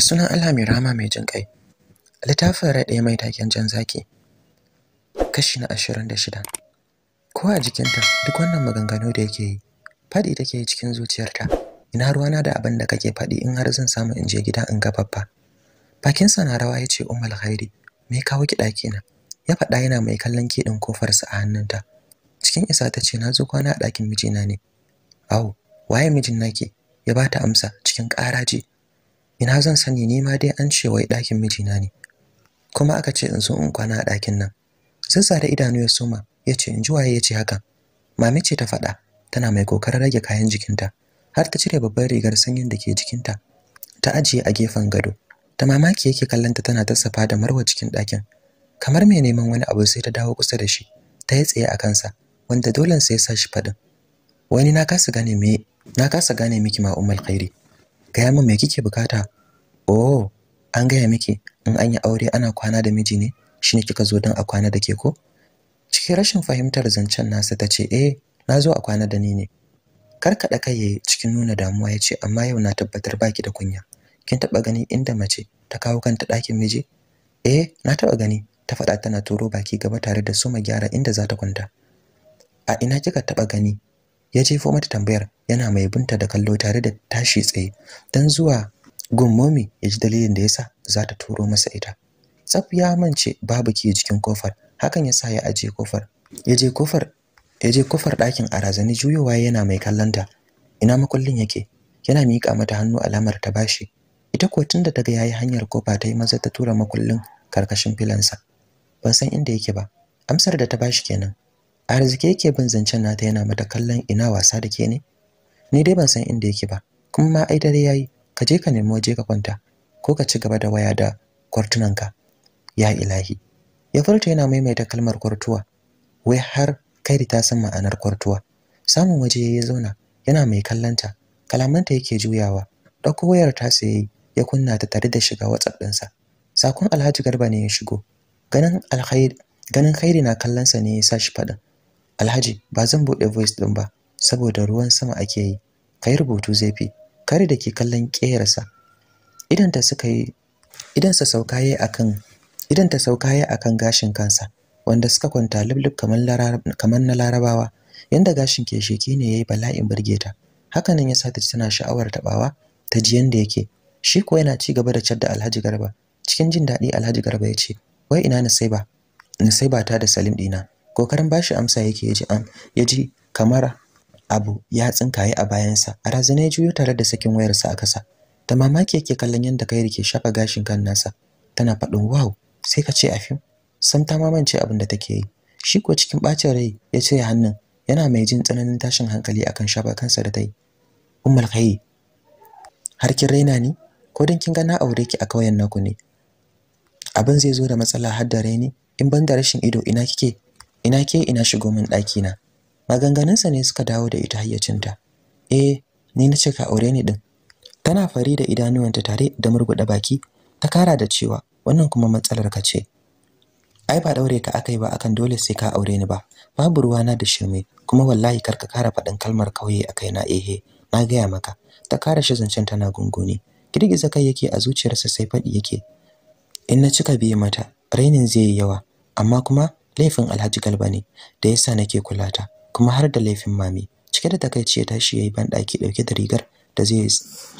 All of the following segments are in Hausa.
da sunan Allah mai rama mai jin kai littafin rai mai taken jan zaki kashi na ashirin da shida ko a jikinta duk wannan maganganu da yake yi faɗi take yi cikin zuciyarta ina ruwa na da abin da kake faɗi in har zan samu in je gida in ga babba bakinsa na rawa ya ce ummul khairi me kawo ki ɗaki ya faɗa yana mai kallon kiɗin kofarsa a hannunta cikin isa ta ce na zo kwana a ɗakin mijina ne Awo, waye mijin naki ya bata amsa cikin ƙaraji ina zan sani ni ma dai an ce wai ɗakin mijina ne kuma aka ce in zo in kwana a ɗakin nan zazza da idanu ya soma ya ce in ji waye ya ce haka mami ce ta faɗa tana mai kokarin rage kayan jikinta har ta cire babban rigar sanyin da ke jikinta ta ajiye a gefen gado ta mamaki yake kallonta tana tassafa da marwa cikin ɗakin kamar mai neman wani abu sai ta dawo kusa da shi ta yi tsaye a kansa wanda dole sai ya sa shi faɗin wani na kasa gane miki ma khairi gaya min me kike bukata oh an gaya miki in an aure ana kwana da miji ne shine kika zo don a kwana da ke ko cikin rashin fahimtar zancen nasa ta ce eh na zo a kwana da ni ne karkada kai yayi cikin nuna damuwa ya ce amma yau na tabbatar baki da kunya kin taba gani inda mace ta kawo kanta ɗakin miji eh na taba gani ta faɗa tana turo baki gaba tare da suma gyara inda za ta kwanta a ina kika taba gani ya jefo mata tambayar yana mai binta da kallo tare da tashi tsaye dan zuwa gummomi ya ji dalilin da yasa za ta turo masa ita tsaf ya mance babu ke jikin kofar hakan yasa ya aje kofar ya je kofar ya je kofar ɗakin a razani juyowa yana mai kallonta ina makullin yake yana mika mata hannu alamar ta bashi ita ko tunda ta ga yayi hanyar kofa ta yi maza ta tura makullin karkashin filansa ban san inda yake ba amsar da ta bashi kenan a arziki yake bin zancen nata yana mata kallon ina wasa da ke ne ni dai ban san inda yake ba kuma ma ai dare yayi ka je ka nemi waje ka kwanta ko ka ci gaba da waya da kwartunanka ya ilahi ya furta yana maimaita kalmar kwartuwa wai har da ta san ma'anar kwartuwa samun waje ya yi zauna yana mai kallanta kalamanta yake juyawa ɗauko wayar ta yayi ya kunna ta tare da shiga watsap ɗinsa sakon Alhaji Garba ne ya shigo ganin alkhairi ganin khairi na kallonsa ne ya sa shi faɗin Alhaji ba zan bude voice din ba saboda ruwan sama ake yi. Kai rubutu zafi. Kare da ke kallon sa. Idan ta suka yi idan sa yayi akan idan ta yayi akan gashin kansa wanda suka kwanta lublub kamar kamar na larabawa yanda gashin ke sheke ne yayi bala'in burge ta. Hakanan ya sa ta tana sha'awar tabawa ta ji yanda yake. Shi ko yana ci gaba da cadda Alhaji Garba. Cikin jin daɗi Alhaji Garba ya ce, "Wai ina na Nusaiba ta da Salim dina. kokarin bashi amsa yake ji am yaji kamar abu ya tsinkaye a bayansa a razana ya juyo tare da sakin wayarsa a kasa ta mamaki yake kallon yadda kai rike shafa gashin kan nasa tana faɗin wow sai ka ce a fim san ta mamance abin da take yi shi ko cikin bacin rai ya ce hannun yana mai jin tsananin tashin hankali akan shafa kansa da ta yi ummul khayi har kin raina ni ko dan kin ga na aure ki a kauyen naku ne abin zai zo da matsala har da raini in banda rashin ido ina kike ina ke ina shigo min ɗaki na maganganunsa ne suka dawo da ita hayyacinta eh ni na ce ka aure ni din tana fari da idanuwanta tare da murguɗa baki ta kara da cewa wannan kuma matsalar ka ce ai ba daure ka akai ba akan dole sai ka aure ni ba babu na da shirme kuma wallahi kar ka kara faɗin kalmar kauye a kaina ehe na gaya maka ta kara shi zancen tana gungune girgiza kai yake a zuciyarsa sai faɗi yake in na cika biye mata rainin zai yi yawa amma kuma laifin Alhaji Galba ne da yasa nake kula ta kuma har da laifin mami cike da takaici ya tashi yayi ban daki dauke da rigar da zai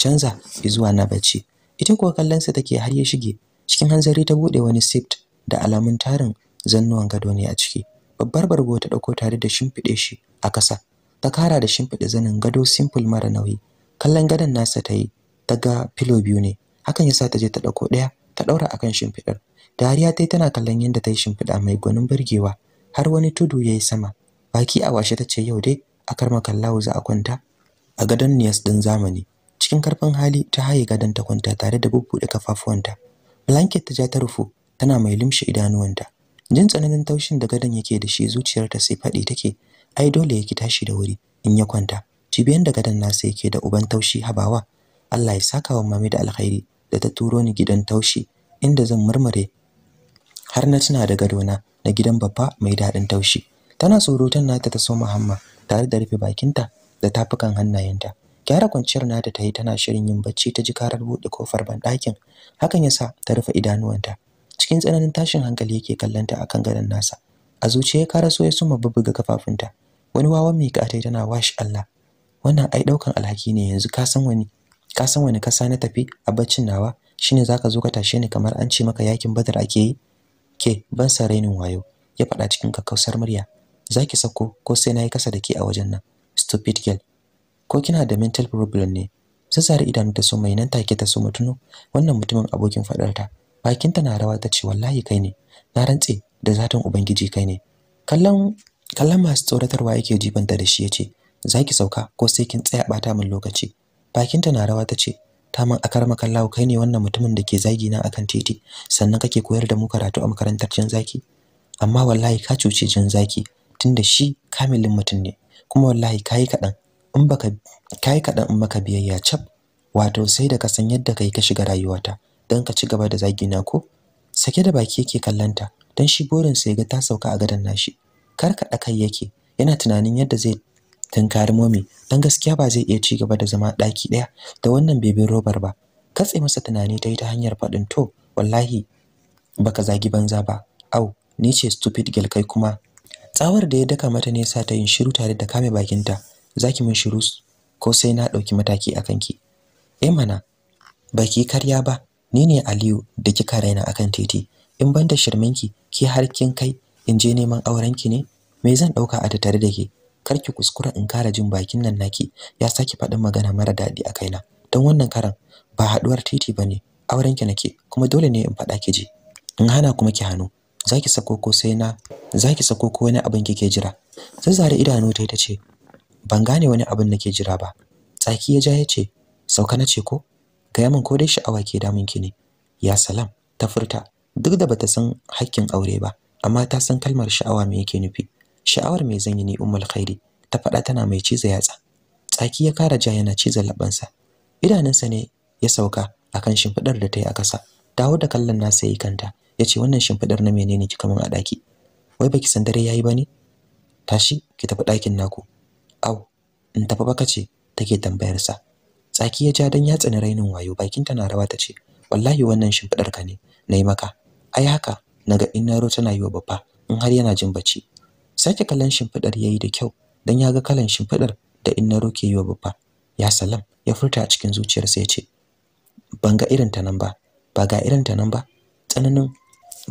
canza zuwa na bacci ita kuwa kallon sa take har ya shige cikin hanzari ta bude wani sift da alamun tarin zannuwan gado ne a ciki babbar bargo ta dauko tare da shimfide shi a kasa ta kara da shimfide zanin gado simple mara nauyi kallon gadon nasa ta yi ta ga filo biyu ne hakan yasa ta je ta dauko daya ta daura akan shimfidar dariya tai tana kallon yadda ta yi shimfiɗa mai gwanin burgewa har wani tudu ya yi sama baki a washe ta ce yau dai a karma kalla za a kwanta a gadon niyas ɗin zamani cikin karfin hali ta haye gadon ta kwanta tare da bubbuɗe kafafuwanta blanket ta ja ta rufu tana mai limshe idanuwanta jin tsananin taushin da gadon yake da shi zuciyarta sai faɗi take ai dole yake tashi da wuri in ya kwanta cibiyan da gadon nasa yake da uban taushi habawa Allah ya saka wa mami da alkhairi da ta turo ni gidan taushi inda zan murmure har na tuna da gadona na gidan babba mai daɗin taushi tana surutan nata ta so Muhammad tare da rufe bakinta da tafukan hannayenta gyara kwanciyar nata ta yi tana shirin yin bacci ta ji karar buɗe kofar banɗakin hakan yasa ta rufe idanuwanta cikin tsananin tashin hankali yake kallonta akan gadon nasa a zuciya ya karaso ya suma bubbuga kafafunta wani wawan mai katai tana wash Allah wannan ai daukan alhaki ne yanzu ka san wani ka san wani kasa na tafi a baccin nawa shine zaka zo ka tashe ni kamar an ce maka yakin badar ake yi ke ban sa rainin wayo ya faɗa cikin kakkausar murya zaki sako ko sai nayi kasa da ke a wajen nan stupid girl ko kina da mental problem ne sassare idanu ta so mai nan take ta so mutuno wannan mutumin abokin faɗarta. bakinta na rawa ta ce wallahi kai ne na rantse da zatan ubangiji kai ne kallon kallon masu tsoratarwa yake jibanta da shi yace zaki sauka ko sai kin tsaya bata min lokaci bakinta na rawa ta ce ta min akarmakallahu kai ne wannan mutumin da ke zagi na akan titi sannan kake koyar da mu karatu a makarantar jin zaki amma wallahi ka cuce jin zaki tunda shi kamilin mutum ne kuma wallahi kai kadan in baka kai kadan in maka biyayya cap wato sai da ka san yadda kai ka shiga rayuwata dan ka ci gaba da zagi na ko sake da baki yake kallanta dan shi borin sai ga ta sauka a gadan nashi kar ka kai yake yana tunanin yadda zai tunkari momi dan gaskiya ba zai iya ci gaba da zama ɗaki ɗaya da wannan bebin robar ba katse masa tunani ta yi ta hanyar faɗin to wallahi baka zagi banza ba au ni ce stupid girl kai kuma tsawar da ya daka mata ne sa ta yin shiru tare da kame bakinta zaki mun shiru ko sai na ɗauki mataki akan ki eh mana baki karya ba ni ne Aliyu da kika raina akan titi in banda shirminki ki har kin kai in je neman aurenki ne me zan dauka a tattare da ke kar ki kuskura in kara jin bakin nan naki ya saki faɗin magana mara daɗi a kaina don wannan karan ba haɗuwar titi bane auren ki nake kuma dole ne in faɗa ki ji in hana kuma ki hano zaki sako ko sai na zaki sako ko wani abin kike jira zazzare idanu ta ce ban gane wani abin nake jira ba tsaki ya ja ya sauka na ce ko ga min ko dai sha'awa ke damun ki ne ya salam ta furta duk da bata san hakkin aure ba amma ta san kalmar sha'awa me yake nufi sha'awar mai zanyi ne ummul khairi ta faɗa tana mai ciza yatsa tsaki ya kara ja yana ciza labansa idanunsa ne ya sauka akan shimfidar da ta yi a ƙasa dawo da kallon nasa yi kanta ya ce wannan shimfidar na menene kika mun a daki wai baki san dare yayi ba ne tashi ki tafi dakin naku au in tafi baka ce take tambayarsa tsaki ya ja dan ya tsani rainin wayo bakinta na rawa ta ce wallahi wannan shimfidar ka ne nayi maka ai haka naga in na tana yiwa wa babba in har yana jin bacci sake kallon shimfidar yayi da kyau dan ya ga kallon shimfidar da inna roke yi babba, ya salam ya furta a cikin zuciyarsa ya ce ban ga irin ta nan ba ba ga irin ta nan ba tsananin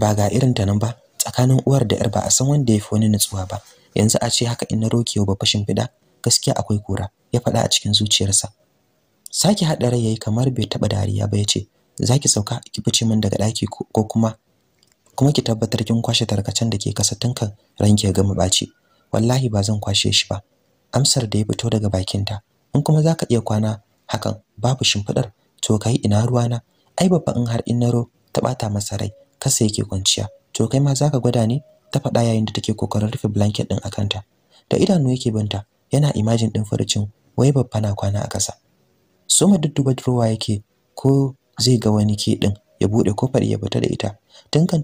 ba ga irin ta nan ba tsakanin uwar da yar ba a san wanda ya fi wani nutsuwa ba yanzu a ce haka inna roke yi babba shimfida gaskiya akwai kura ya faɗa a cikin zuciyarsa sake haɗa rai yayi kamar bai taɓa dariya ba ya ce zaki sauka ki fice min daga ɗaki ko kuma kuma ki tabbatar kin kwashe tarkacen da ke kasa tunkan ranki ya gama mabaci. wallahi ba zan kwashe shi ba amsar da ya fito daga bakinta in kuma zaka iya kwana hakan babu shimfidar to kai ina na? ai babba in har in innaro ta bata masa rai kasa yake kwanciya to kai ma zaka gwada ne ta faɗa yayin da take kokarin rufe blanket din akanta da idanu yake banta yana imagine din furucin wai babba na kwana a kasa so ma drawer yake ko zai ga wani ke din ya bude kofar ya fita da ita Tun ta,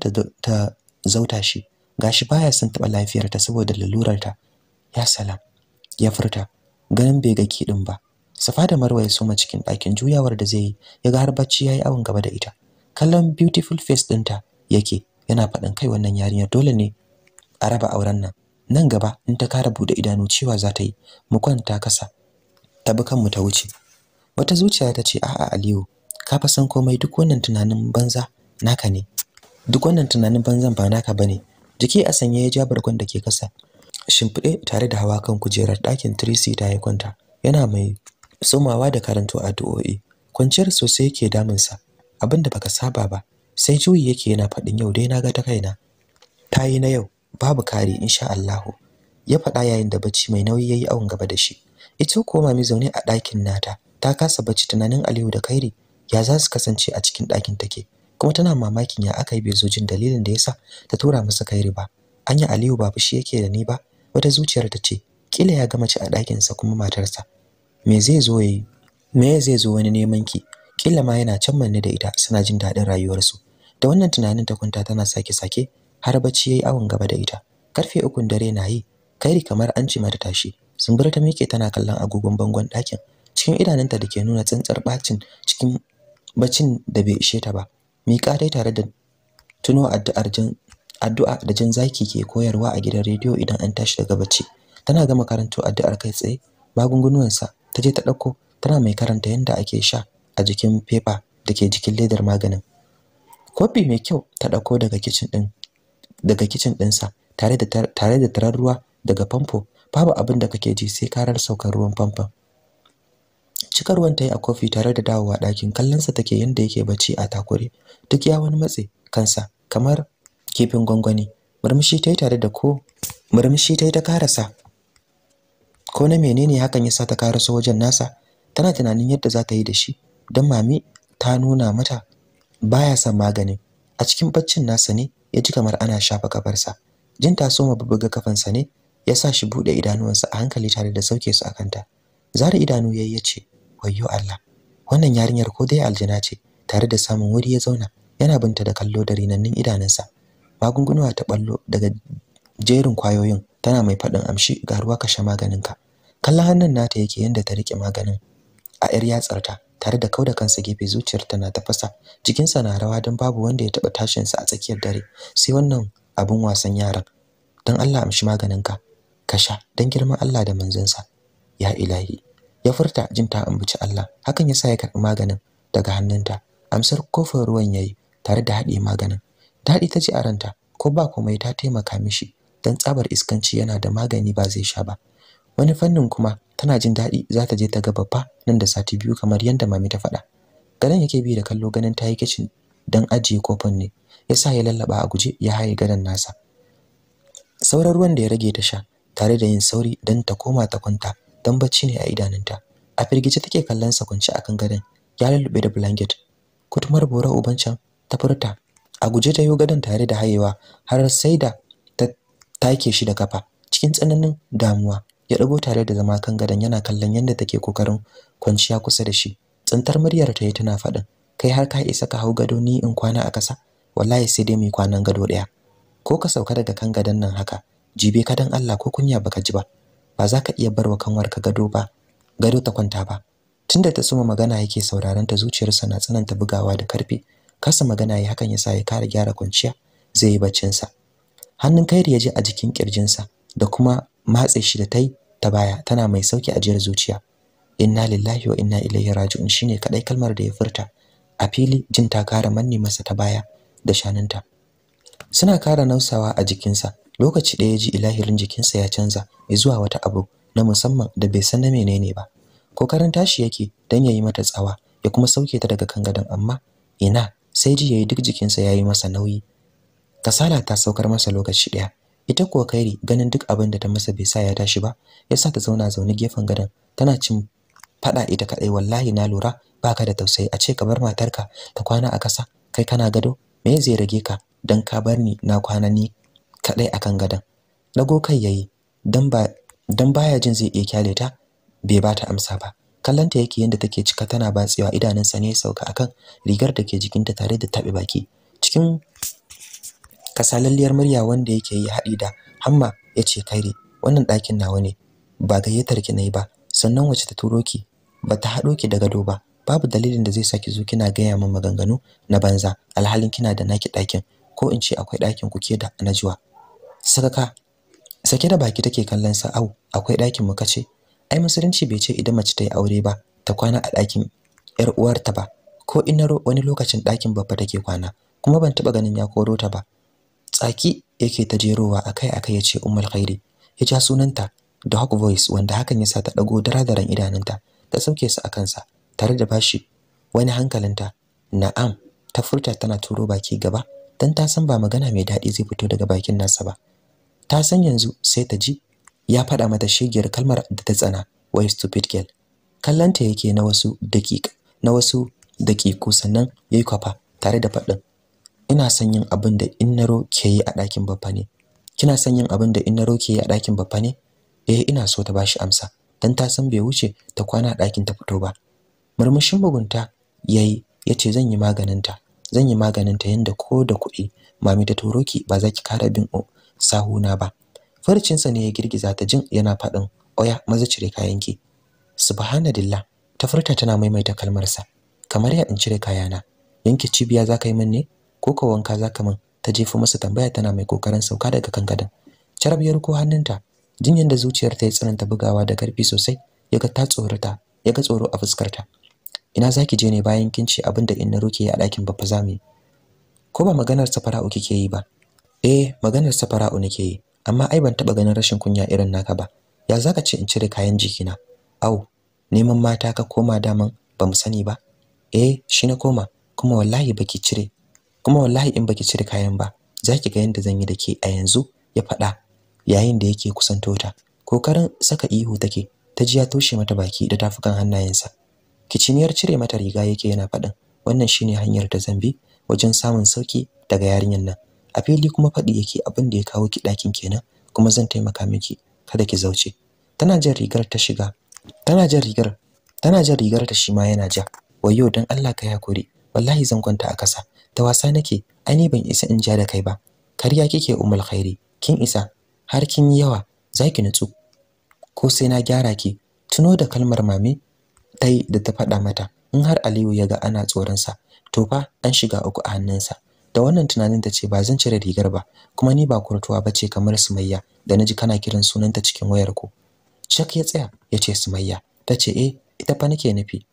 ta zauta shi gashi baya son taba lafiyarta saboda lalurarta ya salam ya furta ganin bai ga kidin ba safa da marwa ya soma cikin ɗakin juyawar da zai yi ya ga har bacci yayi awon gaba da ita kallon beautiful face ɗinta yake yana faɗin kai wannan yarinya dole ne a raba auren nan nan gaba in ta kara bude idanu cewa za ta yi mu kwanta kasa ta bi kanmu ta wuce wata zuciya ta ce a'a Aliyu ka fa san komai duk wannan tunanin banza naka ne duk wannan tunanin banzan ba naka bane jiki a sanye ya ja bargon da ke kasa shimfiɗe tare da hawa kan kujerar ɗakin tirisi ta ya kwanta yana mai somawa da karanto addu'o'i kwanciyar sosai yake damunsa abinda baka saba ba sai juyi yake yana faɗin yau dai ga ta kaina ta yi na yau babu kare insha Allahu ya faɗa yayin da bacci mai nauyi ya yi awon gaba da shi ita ko mami zaune a ɗakin nata ta kasa bacci tunanin Aliyu da Kairi ya za su kasance a cikin ɗakin take kuma tana mamakin ya aka yi bai zo jin dalilin da yasa ta tura masa kairi ba anya Aliyu ba shi yake da ni ba wata zuciyar ta ce kila ya gamace ci a ɗakin sa kuma matarsa me zai zo yayi me zai zo wani neman ki kila ma yana can manne da ita suna jin daɗin rayuwarsu da wannan tunanin ta kwanta tana sake sake har bacci yayi awon gaba da ita karfe ukun dare na yi kairi kamar an ce mata tashi zumbura ta miƙe tana kallon agogon bangon ɗakin cikin idanunta da ke nuna tsantsar bacin cikin bacin da bai ishe ta ba miƙa dai tare da tuno addu'ar jin addu'a da jin zaki ke koyarwa a gidan rediyo idan an tashi daga bacci tana gama karanto addu'ar kai tsaye magungunansa ta je ta ɗauko tana mai karanta yadda ake sha a jikin fefa da ke jikin ledar maganin kofi mai kyau ta ɗauko daga kicin ɗin daga kicin ɗinsa tare da tare da tarar ruwa daga famfo babu abin da kake ji sai karar saukar ruwan famfon cikarwan ta yi a kofi tare da dawowa ɗakin kallonsa take yadda yake bacci a takure duk ya wani matse kansa kamar kifin gwangwani murmushi ta yi tare da ko murmushi ta yi ta karasa ko na menene hakan yasa sa ta karasa wajen nasa tana tunanin yadda za ta yi da shi Dan mami ta nuna mata baya son magani. a cikin baccin nasa ne ya ji kamar ana shafa kafarsa jin ta soma bubbuga kafansa ne ya sa shi buɗe idanuwansa a hankali tare da sauke su a kanta zara idanu yayi ya ce wayyo Allah wannan yarinyar ko dai aljina ce tare da samun wuri ya zauna yana binta da kallo da rinannin idanunsa magunguna ta ballo daga jerin kwayoyin tana mai faɗin amshi ga ruwa kashe ka. kallon hannun nata yake yanda ta rike maganin a yar yatsarta tare da kauda kansa gefe zuciyar na tafasa jikinsa na rawa don babu wanda ya taɓa tashinsa a tsakiyar dare sai wannan abin wasan yaran don Allah amshi maganin ka kasha, don girman Allah da manzansa ya ilahi ya furta jin ta ambaci Allah hakan yasa ya karbi maganin daga hannunta amsar kofar ruwan yayi tare da haɗe maganin daɗi ta ji a ranta ko ba komai ta taimaka mishi dan tsabar iskanci yana da magani ba zai sha ba wani fannin kuma tana jin daɗi za ta je ta ga babba nan da sati biyu kamar yadda mami ta faɗa garin yake bi da kallo ganin ta yi kicin dan ajiye kofin ne yasa ya lallaba a guje ya haye gadon nasa sauran ruwan da ya rage ta sha tare da yin sauri dan ta koma ta kwanta dan bacci ne a idanunta a firgice take kallon sa a kan gadon ya lulube da blanket kutumar bora uban can ta furta a guje ta yo gadon tare da hayewa har sai da ta take shi da kafa cikin tsananin damuwa ya dago tare da zama kan gadon yana kallon yadda take kokarin kwanciya kusa da shi Tsintar muryar ta yi tana faɗin kai har ka isa ka hau gado ni in kwana a ƙasa wallahi sai dai mai kwanan gado ɗaya ko ka sauka daga kan gadon nan haka jibe ka dan Allah ko kunya baka ji ba ba za ka iya barwa kanwarka gado ba gado ta kwanta ba tunda ta suma magana yake sauraron ta zuciyarsa na tsananta bugawa da karfi kasa magana ya hakan yasa ya kare gyara kwanciya zai yi baccin sa hannun kairi ya je a jikin kirjinsa da kuma matse shi da tai ta baya tana mai sauki ajiyar zuciya inna lillahi wa inna ilaihi raji'un shine kadai kalmar da ya furta a fili jin ta kara manne masa ta baya da shanunta suna kara nausawa a jikinsa lokaci ɗaya ji ilahirin jikinsa ya canza zuwa wata abu na musamman da bai san na menene ba kokarin tashi yake ya yi mata tsawa ya kuma sauke ta daga kan gadon amma ina sai ji yi duk jikinsa ya yi masa nauyi kasala ta saukar masa lokaci ɗaya ita kuwa kairi ganin duk abin da ta masa bai sa ya tashi ba ya sa ta zauna zaune gefen gadon tana cin faɗa ita kaɗai wallahi na lura baka da tausayi a ce ka bar matarka ta kwana a kasa kai kana gado me zai rage ka Don ka bar ni na kwana ni kaɗai akan gadon dago kai yayi dan ba dan baya jin zai iya kyale ta bai ba ta amsa ba kallanta yake yanda take cika tana batsewa idanunsa ne sauka akan rigar da ke jikinta tare da tabe baki cikin kasalalliyar murya wanda yake yi haɗi da hamma yace kaire wannan ɗakin nawa ne ba gayyatar ki nayi ba sannan wace ta turo ki bata haɗo ki daga gado ba babu dalilin da zai saki zo kina gaya min maganganu na banza alhalin kina da naki ɗakin ko in ce akwai ɗakin ku ke da najuwa sarka sake da baki take kallon sa au akwai ɗakin mu kace ai musulunci bai ce idan mace ta yi aure ba ta kwana a ɗakin yar uwarta ba ko ina wani lokacin ɗakin babba take kwana kuma ban taba ganin ya koro ta ba tsaki yake ta jerowa akai-akai yace ummul khairi ya ja sunanta da hawk voice wanda hakan yasa ta dago daradaran idanunta ta sauke su akan sa tare da bashi wani hankalinta na'am ta furta tana turo baki gaba dan ta san ba magana mai daɗi zai fito daga bakin nasa ba ta san yanzu sai ta ji ya faɗa mata shegiyar kalmar da ta tsana wai stupid girl kallanta yake na wasu dakika na wasu dakiku sannan yayi kwafa tare da faɗin ina son yin abin da innaro ke yi a ɗakin babba ne kina son yin abin da innaro ke yi a ɗakin babba ne eh ina so ta bashi amsa dan ta san bai wuce ta kwana a ɗakin ta fito ba murmushin mugunta yayi yace zan yi maganinta zan yi maganinta yanda ko da kuɗi mami ta turo ki ba za ki kara bin sahuna ba farcinsa ne ya girgiza ta jin yana faɗin oya maza cire kayanki subhanallah ta furta tana maimaita kalmarsa kamar ya in cire kayana yanke cibiya zaka yi min ne ko ka wanka zaka min ta jefa masa tambaya tana mai kokarin sauka daga kan gadon carab ya riko hannunta jin da zuciyar ta tsananta bugawa da karfi sosai ya ga ta tsorata ya ga tsoro a fuskarta ina zaki je ne bayan kin ce abin da in na roke a ɗakin babba zamu yi ko ba maganar uke ke yi ba Eh, maganar safara'u nake yi, amma ai ban taba ganin rashin kunya irin naka ba. Ya zaka ce in cire kayan jikina? Au, neman mata ka koma daman ba mu sani ba. Eh, shi na koma, kuma wallahi baki cire. Kuma wallahi in baki cire kayan ba, zaki ga yanda zan yi da ke a yanzu, ya faɗa yayin da yake kusanto ta. Kokarin saka ihu take, ta ji ya toshe mata baki da tafukan hannayensa. Kiciniyar cire mata riga yake yana faɗin, wannan shine hanyar da zan bi wajen samun sauki daga yarinyar nan. a fili kuma faɗi yake abin da ya kawo ki ɗakin kenan kuma zan taimaka miki kada ki zauce tana jin rigar ta shiga tana jin rigar tana jin rigar ta shi ma yana ja wayo dan Allah ka yakure wallahi zan kwanta a kasa ta wasa nake ai ban isa in ja da kai ba kariya kike umul khairi kin isa har kin yi yawa zaki nutsu ko sai na gyara ki tuno da kalmar mame tai da ta faɗa mata in har Aliyu ya ga ana tsoron to fa an shiga uku a hannunsa da wannan tunanin ta ce ba zan cire rigar ba kuma ni ba kurtuwa ba ce kamar sumayya da naji kana kiran sunanta cikin wayar ku shak ya tsaya ya ce sumayya ta ce eh ita fa nake nufi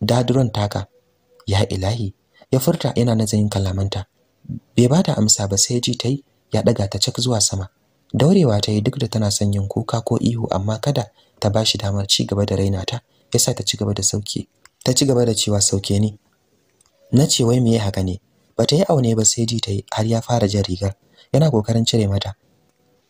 dadron taka ya ilahi ya furta yana nazarin kalamanta bai ba ta amsa ba sai ji ta yi ya daga ta cak zuwa sama daurewa ta yi duk da tana son yin kuka ko ihu amma kada ta ba shi damar ci gaba da raina ta yasa ta ci gaba da sauke ta ci gaba da cewa sauke ne. na ce wai me haka ne bata yi aune ba sai ji ta yi har ya fara jan rigar yana kokarin cire mata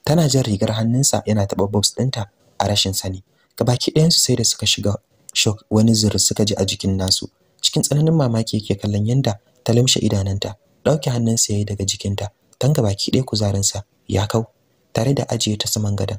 tana jan rigar hannunsa yana taɓa box ɗinta a rashin sani gabaki ɗayansu sai da suka shiga shock wani zuri suka ji a jikin nasu cikin tsananin mamaki yake kallon yanda ta limshe idananta ɗauke hannunsa ya yi daga jikinta tan gabaki ɗaya kuzarinsa ya kau tare da ajiye ta saman gadon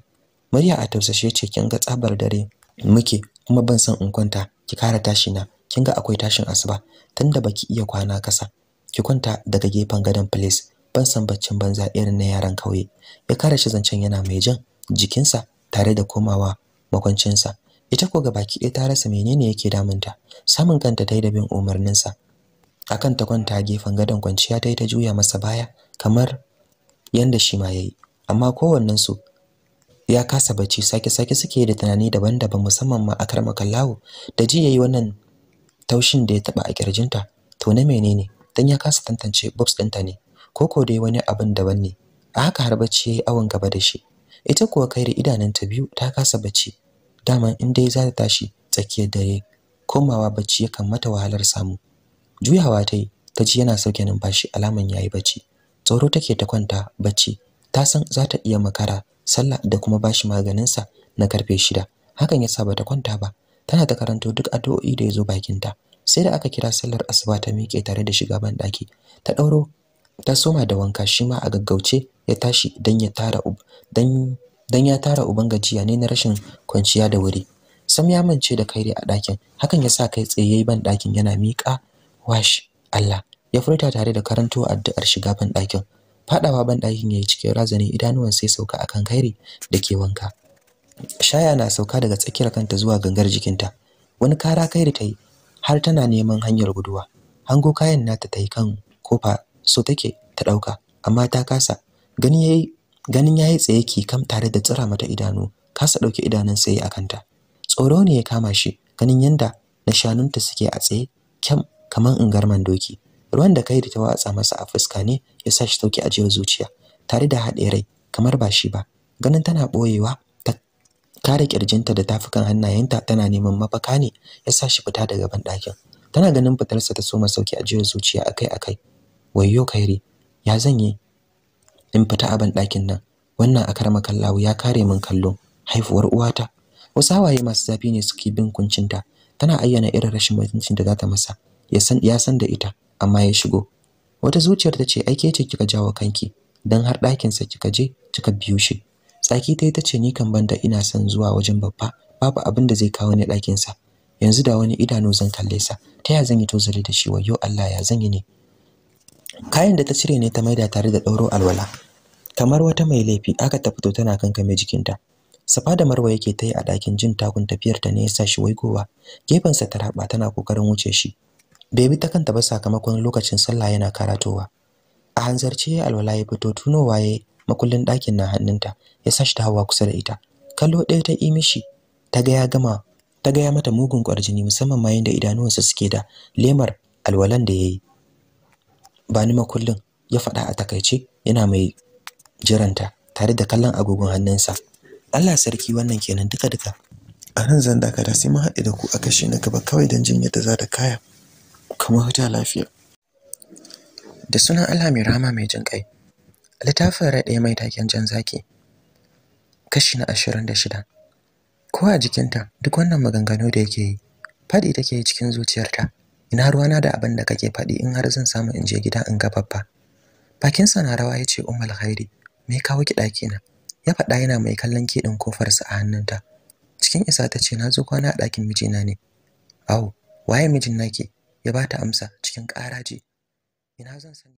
murya a tausashe ce kin ga tsabar dare muke kuma ban san in kwanta ki kara tashi na kin ga akwai tashin asuba tunda baki iya kwana kasa ki kwanta daga gefen gadon police ban san baccin banza irin na yaran kauye ya kare shi zancen yana mai jan jikinsa tare da komawa makwancinsa ita ko gaba ɗaya ta rasa menene yake damunta samun kanta ta da bin umarninsa akan ta kwanta gefen gadon kwanciya ta yi ta juya masa baya kamar yanda shi ma yayi amma kowannen su ya kasa bacci sake sake suke da tunani daban-daban musamman ma akar makallawo da ji yayi wannan taushin da ya taba a kirjinta to na menene dan ya kasa tantance bobs ta ne ko dai wani abin daban ne a haka har bacci yayi awon gaba da shi ita kuwa kai da ta biyu ta kasa bacci Dama in dai za ta tashi tsakiyar dare komawa bacci yakan mata wahalar samu juyawa ta yi ta ji yana sauke numfashi alaman yayi bacci tsoro take ta kwanta bacci ta san za ta iya makara sallah da kuma bashi maganinsa na karfe shida hakan yasa bata kwanta ba tana ta karanto duk addu'o'i da ya zo bakinta sai da aka kira sallar asuba ta miƙe tare da shiga ban daki ta ɗauro ta soma da wanka shi ma a gaggauce ya tashi dan ya tara uban gajiya ne na rashin kwanciya da wuri sam ya mance da kairi a ɗakin hakan ya sa kai tsaye ban dakin yana miƙa wash Allah ya furta tare da karanto addu'ar shiga ban dakin faɗawa ban dakin ya yi cikin razani idanuwan sai sauka akan kairi da ke wanka shaya na sauka daga tsakiyar kanta zuwa gangar jikinta wani kara kairi ta yi har tana neman hanyar guduwa hango kayan nata ta yi kan kofa so take ta ɗauka amma ta kasa gani yayi ganin yayi tsaye ki kam tare da tsira mata idanu kasa ɗauki idanun sai a kanta tsoro ne ya kama shi ganin yanda shanunta suke a tsaye kyam kaman garman doki ruwan da kai da ta watsa masa a fuska ne ya sa shi sauki ajiyar zuciya tare da haɗe rai kamar ba shi ba ganin tana ɓoyewa kare kirjinta da tafukan hannayenta tana neman mafaka ne ya sa shi fita daga banɗakin tana ganin fitarsa ta soma sauki a jiyar zuciya akai-akai wayyo kairi ya zanye in fita a banɗakin nan wannan akarma kallawu ya kare min kallo haifuwar uwata wasu hawaye masu zafi ne suke bin kuncinta tana ayyana irin rashin mutuncin da zata masa ya san ya san da ita amma ya shigo wata zuciyar ta ce aike ce kika jawo kanki dan har ɗakinsa sa kika je kika biyo shi tsaki ta ita ce ni kan banda ina son zuwa wajen babba babu abin da zai kawo ni dakin sa yanzu da wani idanu zan kalle sa ta ya zan yi tozali da shi wayo Allah ya zan yi ne kayan da ta cire ne ta maida tare da ɗauro alwala kamar wata mai laifi aka ta fito tana kankame jikinta safa da marwa yake ta yi a ɗakin jin takun tafiyar ta ne ya sa shi waigowa gefensa ta raba tana kokarin wuce shi bai bi ta kanta ba sakamakon lokacin sallah yana karatowa a hanzarce ya alwala ya fito tunowa ya makullin ɗakin na hannunta ya sa ta hawa kusa da ita kallo ɗaya ta yi mishi ta ga ya gama ta gaya mata mugun ƙwarjini, musamman ma yanda idanuwansa suke da lemar alwalan da ya yi. bani makullin ya faɗa a takaice yana mai jiranta tare da kallon agogon hannunsa Allah sarki wannan kenan duka duka a nan zan dakata sai mun haɗe da ku a kashe na gaba kawai don jin yadda za da kaya kuma huta lafiya da sunan Allah mai rama mai jin kai littafin rai ɗaya mai taken jan zaki kashi na ashirin da shida ko a jikinta duk wannan maganganu da yake yi faɗi take yi cikin zuciyarta ina ruwana da abin da kake faɗi in har zan samu in je gida in ga babba bakinsa na rawa ya ce Umar khairi me kawo ki ɗaki na ya faɗa yana mai kallon keɗin kofarsa a hannunta cikin isa ta ce na zo kwana a ɗakin mijina ne au waye mijin naki ya ba ta amsa cikin ƙaraji ina zan sani